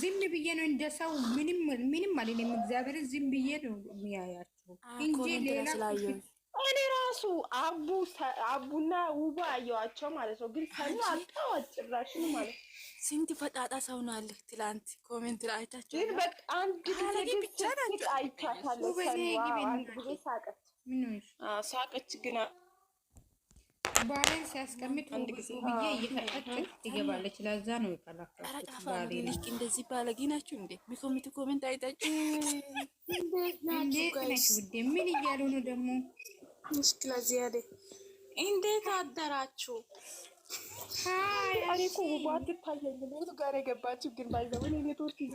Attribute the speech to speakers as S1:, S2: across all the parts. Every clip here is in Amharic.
S1: ዝም ብዬ ነው እንደ ሰው ምንም አልልም። እግዚአብሔር ዝም ብዬ ነው የሚያያቸው
S2: እንጂ ሌላ
S1: እኔ ራሱ አቡ አቡና ውቡ አየዋቸው ማለት ነው። ግን ሰኑ አጣው አጭራሽን ማለት
S2: ነው። ስንት ፈጣጣ ሰው ነው አለ። ትላንት ኮሜንት ላይ አይታችሁ
S1: ግን በቃ አንድ ጊዜ አይቻታለሁ።
S2: ሳቀች ግን
S1: ባሌን ሲያስቀምጥ ብዬ እየፈጠች ትገባለች። ለዛ ነው
S2: የከላከልኩት። እንደዚህ ባለጌ ናችሁ እንዴ? ሚኮሚት ኮሜንት አይታችሁ
S1: እንዴት ነች
S2: ውዴ? ምን እያሉ ነው ደግሞ? ሙሽኪላ ዚያዴ እንዴት አደራችሁ?
S1: እኔ እኮ ውቧ አትታየኝም። ጋር የገባችሁ ግን ባይዘውን የኔትወርክ ይዘ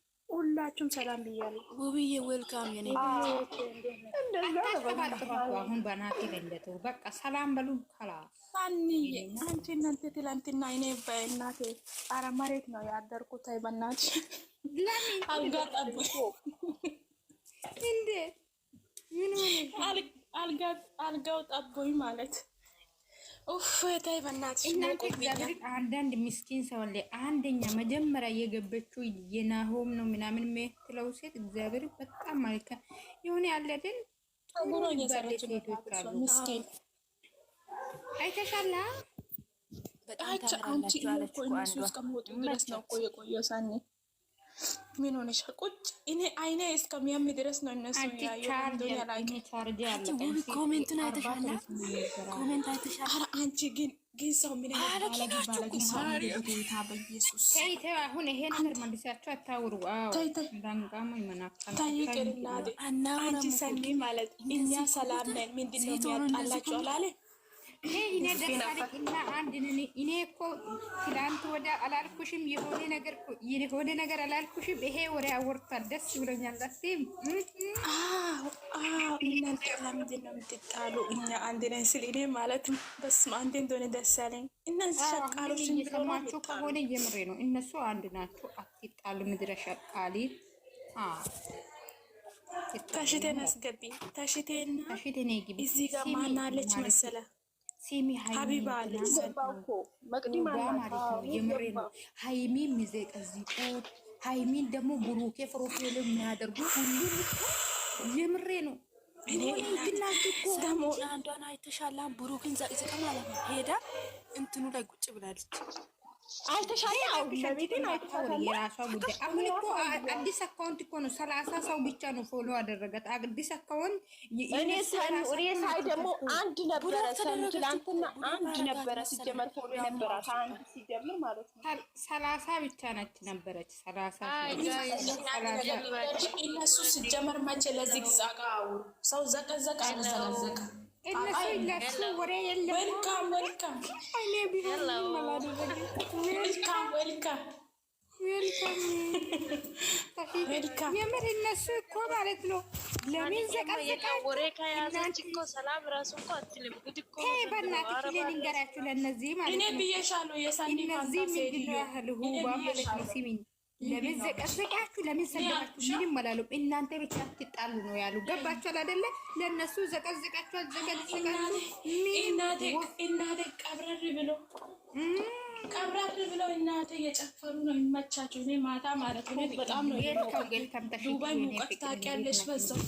S1: ሁላችሁም ሰላም ብያሉ።
S2: ውብዬ ዌልካም የኔ አሁን በናት ገለጡ በቃ ሰላም በሉ። ካላ
S1: ሳኒ አንቺ እናንተ ትላንትና እኔ በእናቴ አረ መሬት ነው ያደርኩት። አይ በእናትሽ
S2: አልጋው ጠቦኝ ማለት
S1: እናንተ እግዚአብሔር አንዳንድ ምስኪን ሰው አለ። አንደኛ መጀመሪያ የገበችው የናሆም ነው ምናምን የምትለው ሴት እግዚአብሔር በጣም ማለት የሆነ ያለድን ሴቶች አሉ። አይተሻላ
S2: በጣም ታምራለች። ምን ሆነሻል? ቁጭ እኔ አይኔ እስከሚያም ድረስ ነው እነሱ
S1: ኮሜንቱን አይተሻል። ኮሜንት
S2: አይተሻል። አንቺ ግን ግን ሰው ምን
S1: ሰላም ነን። ምንድን
S2: ነው የሚያጣላችሁ አላለ
S1: ይሄ አንድ እኔ እኮ ትላንት ወደ አላልኩሽም፣ የሆነ ነገር የሆነ ነገር አላልኩሽም። ይሄ ወሬ አወርቷል። ደስ ብሎኛል። ዛሴም
S2: እናንተ ለምንድን ነው የምትጣሉ? እኛ አንድ ነን ስል እኔ ማለት በስመ አንድ እንደሆነ ደስ
S1: እነዚህ ሸቃሎች እንደሰማችሁ ከሆነ የምሬ ነው። እነሱ አንድ ናቸው። አትጣሉ። ምድረ ሸቃሊ
S2: ታሽቴን አስገቢ። ታሽቴና እዚህ ጋር ማናለች መሰለ
S1: ሴሚ ሀይሚ ማለት ነው። የምሬ ነው። ሀይሚ የሚዘቀዝቁ ሀይሚን ደግሞ ብሩኬ ፕሮፌል የሚያደርጉ ሁሉ የምሬ ነው።
S2: አንዷን አይተሻላን ብሩክን ዘቅዝቀ ማለት ነው። ሄዳ እንትኑ ላይ ቁጭ ብላለች።
S1: አልተሻለ አዲስ አካውንት እኮ ነው ሰላሳ ሰው ብቻ ነው ፎሎ አደረገት። አዲስ አካውንት ሳይ ደግሞ አንድ ነበረ ትላንትና አንድ ነበረ ሲጀመር ፎሎ ነበረ ሰላሳ ብቻ ነች ነበረች
S2: እነሱ ሲጀመር መቼ ለዚህ ዛቃ ሰው ዘቀዘቀ ዘቀዘቀ
S1: እነሱ ለሱ ወሬ የለም።
S2: ወልካም ወልካም
S1: እነሱ እኮ ማለት ነው ለምን ዘቀዘቃል? ልንገራችሁ ለእነዚህ
S2: ማለት ነው እነዚህ
S1: ምንድን ነው ያህል ሁባ ማለት ነው ሲሚኝ ለምን ዘቀዘቃችሁ? ለምን ሰደባችሁ? ምንም አላሉም። እናንተ ብቻ ትጣሉ ነው ያሉ። ገባችኋል አይደለ? ለእነሱ ዘቀዘቃችኋል፣
S2: ዘቀዘቃችሁ። እናቴ ቀብረር ብሎ ቀብረር ብሎ እናቴ የጨፈሩ ነው የሚመቻቸው። እኔ ማታ ማለት ነው በጣም ነው ዱባይ ሙቀት ታውቂያለሽ። በዛው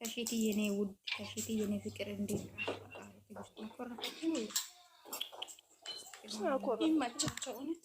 S1: ተሽቲ የኔ ውድ ተሽቲ የኔ ፍቅር እንዴት
S2: ይመቻቸው እውነት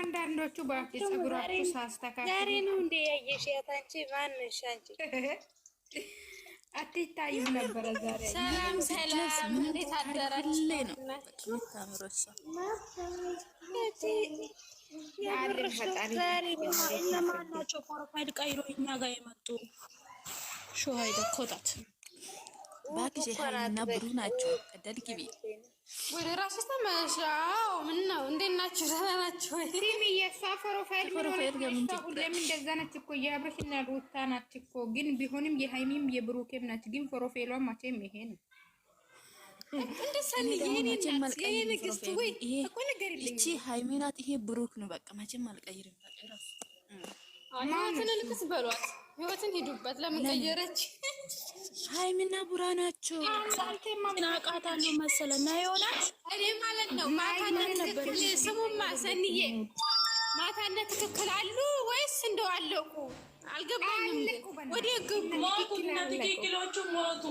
S1: አንዳንዶቹ ባክሽ ጸጉራቸው ሳስተካክል
S2: ዛሬ ነው እንደ ያየሽ ያታንቺ ማንሽ? አንቺ
S1: አትታይም ነበረ ዛሬ።
S2: ሰላም ሰላም፣
S1: እንዴት አደራችሁ? ነው ታምሮሽ እነማን ናቸው? ፕሮፋይል ቀይሮ እኛ ጋር የመጡ
S2: ሾሃይደ ኮታት
S1: ባክሽ ሀይና ብሩ ናቸው። ቀደል ግቢ
S2: ወደ ራስ ተመሻው ምን ነው እንዴት ናችሁ? ደህና ናችሁ ወይ?
S1: ሲሚ የእሷ ፕሮፋይል ሁሌም እንደዛ እኮ የአብረሽና ሩታ ናት እኮ ግን ቢሆንም የሃይሚም የብሩኬም ናት። ግን ፕሮፋይሏ ማቼም ይሄ ነው
S2: ይሄን ወይ
S1: እኮ ነገር እቺ ይሄ ነው። በቃ ማቼም በሏት።
S2: ህይወትን ሂዱበት። ለምን ቀየረች?
S1: ሀይሚና ቡራ ናቸው።
S2: ሳልቴማ ምን
S1: አውቃታለሁ መሰለ እና የሆናት
S2: እኔ ማለት ነው ስሙማ፣ ሰንዬ ማታ እንደ ትክክል አሉ ወይስ እንደው አለቁ? አልገባኝም። ወደ ግቡ ሞቱ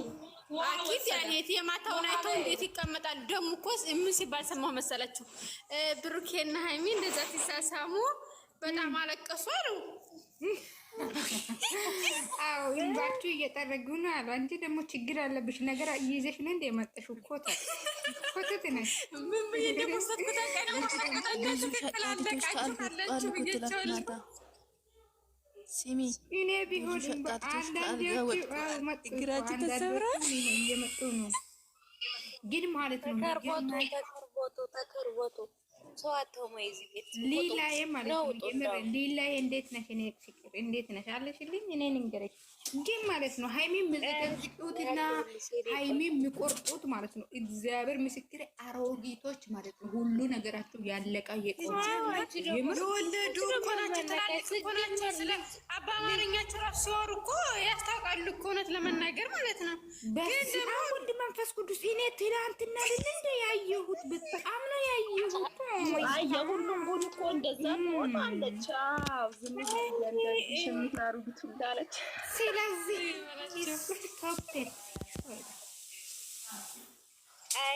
S2: አኪት ያኔት የማታውን አይተው እንዴት ይቀመጣል? ደሙ ኮስ ምን ሲባል ሰማሁ መሰላችሁ? ብሩኬና ሀይሚ እንደዛ ሲሳሳሙ በጣም አለቀሱ አሉ።
S1: አዎ ይባችሁ እየጠረጉ ነው አሉ። አንቺ ደግሞ ችግር አለብሽ ነገር እየይዘሽ ነው እንደ የመጠሹ ኮተት ኮተት ነሽ።
S2: ስሚ እኔ ቢሆን
S1: አንዳንዶቹ
S2: እየመጡ
S1: ነው ግን ማለት ነው
S2: ተከርቦቱ ተከርቦቱ ሰው አትሆን ወይ
S1: ቤት ሊላዬ ማለት ነው። ሊላዬ እንዴት ነሽ? እኔ ፍቅር እንዴት ነሽ አለሽልኝ። እኔ ንገረሽ እንዲህ ማለት ነው። ሃይሚ ምዝቀዝቁትና ሃይሚ የሚቆርጡት ማለት ነው። እግዚአብሔር ምስክር አሮጊቶች ማለት ነው። ሁሉ ነገራቸው ያለቀ የቆየወለዱ አባባረኛቸው ራሱ ሲወሩ እኮ ያስታውቃሉ እኮ እውነት ለመናገር ማለት ነው። በአሁን መንፈስ ቅዱስ እኔ ትናንትና ልን እንደ ያየሁት በጣም ነው ያየሁት።
S2: የሁሉም ቡድ እኮ እንደዛ ሆናለች።
S1: ዝም የሚታሩጉት
S2: ስለዚህ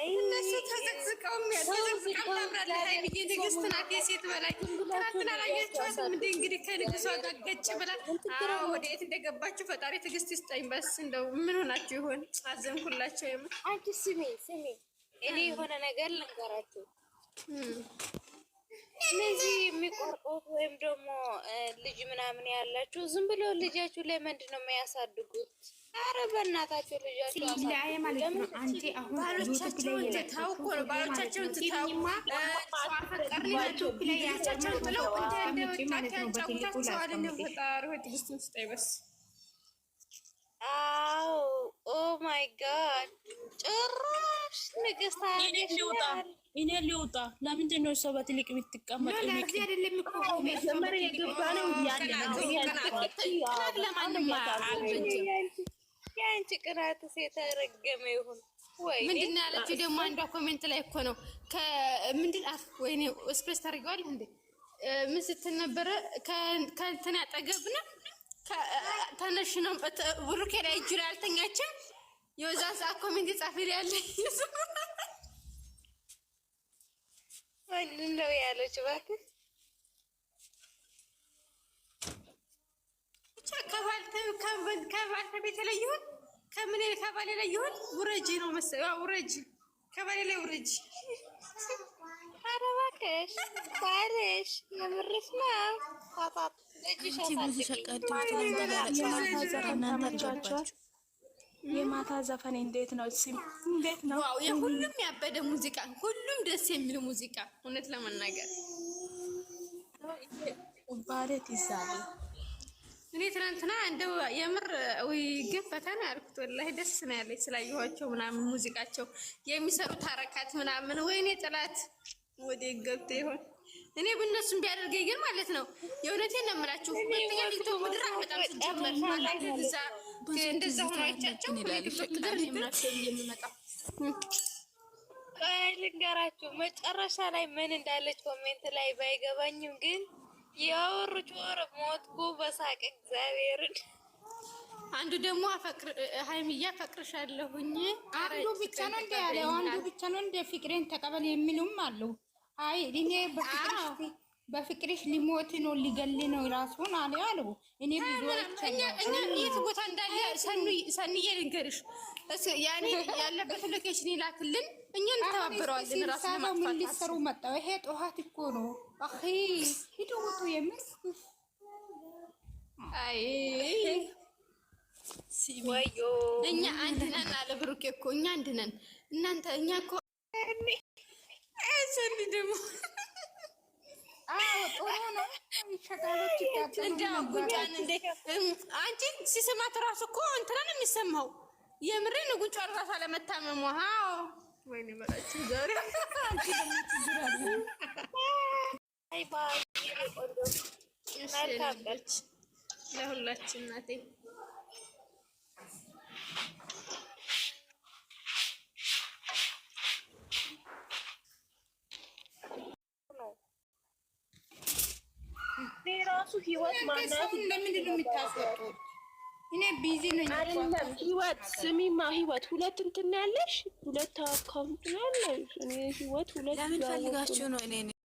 S2: እነሱ ተዘቅዝቀው ንግስት ናት፣ የሴት በላይ ትናንትና አላያችኋትም? እንደ እንግዲህ ከንግሷ ጋር ገጭ ብላ ወደ የት እንደገባችሁ ፈጣሪ ትዕግስት ይስጠኝ። በስ እንደው ምን ሆናችሁ ይሆን? አዘንኩላቸው። የምር
S1: አንቺ ስሜ ስሜ
S2: እኔ የሆነ ነገር ልንገራችሁ እነዚህ የሚቆርቆሩ ወይም ደግሞ ልጅ ምናምን ያላችሁ ዝም ብሎ ልጃችሁ ላይ ምንድን ነው የሚያሳድጉት? አረ በእናታችሁ ልጃችሁ አዎ ኦ ማይ ጋድ ጭራሽ ንግስት
S1: እኔ ሊወጣ ለምንድን ነው ሰው በትልቅ የምትቀመጥ?
S2: ለዚህ አይደለም ነው ያለ ይሁን። ምንድን ነው ያለችው
S1: ደግሞ? አንዷ ኮሜንት ላይ እኮ ነው ከምንድን አፍ ወይኔ ስፔስ ታደርገዋል እንዴ? ምን ስትል ነበረ? ከእንትን አጠገብ ነው ተነሽ ነው ብሩኬ ላይ እጅ ላይ አልተኛችም። ሰዓት ኮሜንት ያለ
S2: ማንን ነው ያለች? እባክህ
S1: ብቻ ከባልተቤት የለየሁት ከምን ከባሌ የለየሁት ውረጅ ነው መሰለኝ። ውረጅ ከባሌ ላይ ውረጅ።
S2: ኧረ እባክሽ ባልሽ የምርሽ ነው።
S1: ልጅሽ ብዙ ሸቀጥ እናንተ የማታ ዘፈን እንዴት ነው? ሲም እንዴት ነው?
S2: ዋው! የሁሉም ያበደ ሙዚቃ፣ ሁሉም ደስ የሚል ሙዚቃ። እውነት ለመናገር
S1: ባለት ይዛል።
S2: እኔ ትናንትና እንደው የምር ወይ ግን ፈተና ያልኩት ወላሂ ደስ ነው ያለኝ ስላየኋቸው ምናምን ሙዚቃቸው የሚሰሩት አረካት ምናምን። ወይኔ ጥላት
S1: ወዴ ገብቶ ይሆን
S2: እኔ ብነሱም ቢያደርገኝ ግን ማለት ነው የእውነቴን ነው የምላችሁ። ሁለተኛ ሊቶ ምድር በጣም ስጀመር ማለት ነው እንደዛ ልንገራችሁ መጨረሻ ላይ ምን እንዳለች ኮሜንት ላይ ባይገባኝም ግን ያወሩት ወር ሞትኩ በሳቅ እግዚአብሔርን።
S1: አንዱ ደግሞ አፈቅር ሀይሚዬ አፈቅርሻለሁኝ አንዱ ብቻ ነው እንደ ያለው አንዱ ብቻ ነው እንደ ፍቅሬን ተቀበል የሚሉም አሉ። አይ እኔ በፍቅር በፍቅርሽ ሊሞት ነው ሊገል ነው ራሱን አለ አሉ። እኔ እኛ የት ቦታ እንዳለ ሰንዬ ልንገርሽ። ያኔ ያለበት ሎኬሽን ይላክልን፣ እኛ እንተባበረዋለን። ራሱን ምን ሊሰሩ መጣው? ይሄ ጦሃት እኮ ነው። አኺ ይደውጡ የምር አይ ሲወዮ እኛ አንድ ነን አለ ብሩኬ እኮ እኛ አንድ ነን። እናንተ እኛ እኮ እኔ ሰኒ ደግሞ ጥሩ ነው። ሸቃሎች ይጋጠሉ ጉንጫን እንዴ! አንቺ ሲስማት ራሱ እኮ እንትና ነው የሚሰማው። የምሬን ጉንጫ ራሱ አለመታመሙ። አዎ ወይኔ መጣችሁ ዛሬ። አንቺ ለሁላችን እናቴ የራሱ ህይወት ማናት ለምንድን ነው እኔ ቢዚ ነኝ። አይደለም ህይወት ስሚማ፣ ህይወት ሁለት እንትን ያለሽ ሁለት አካውንት ያለሽ። እኔ ህይወት ሁለት ለምን ፈልጋችሁ ነው እኔ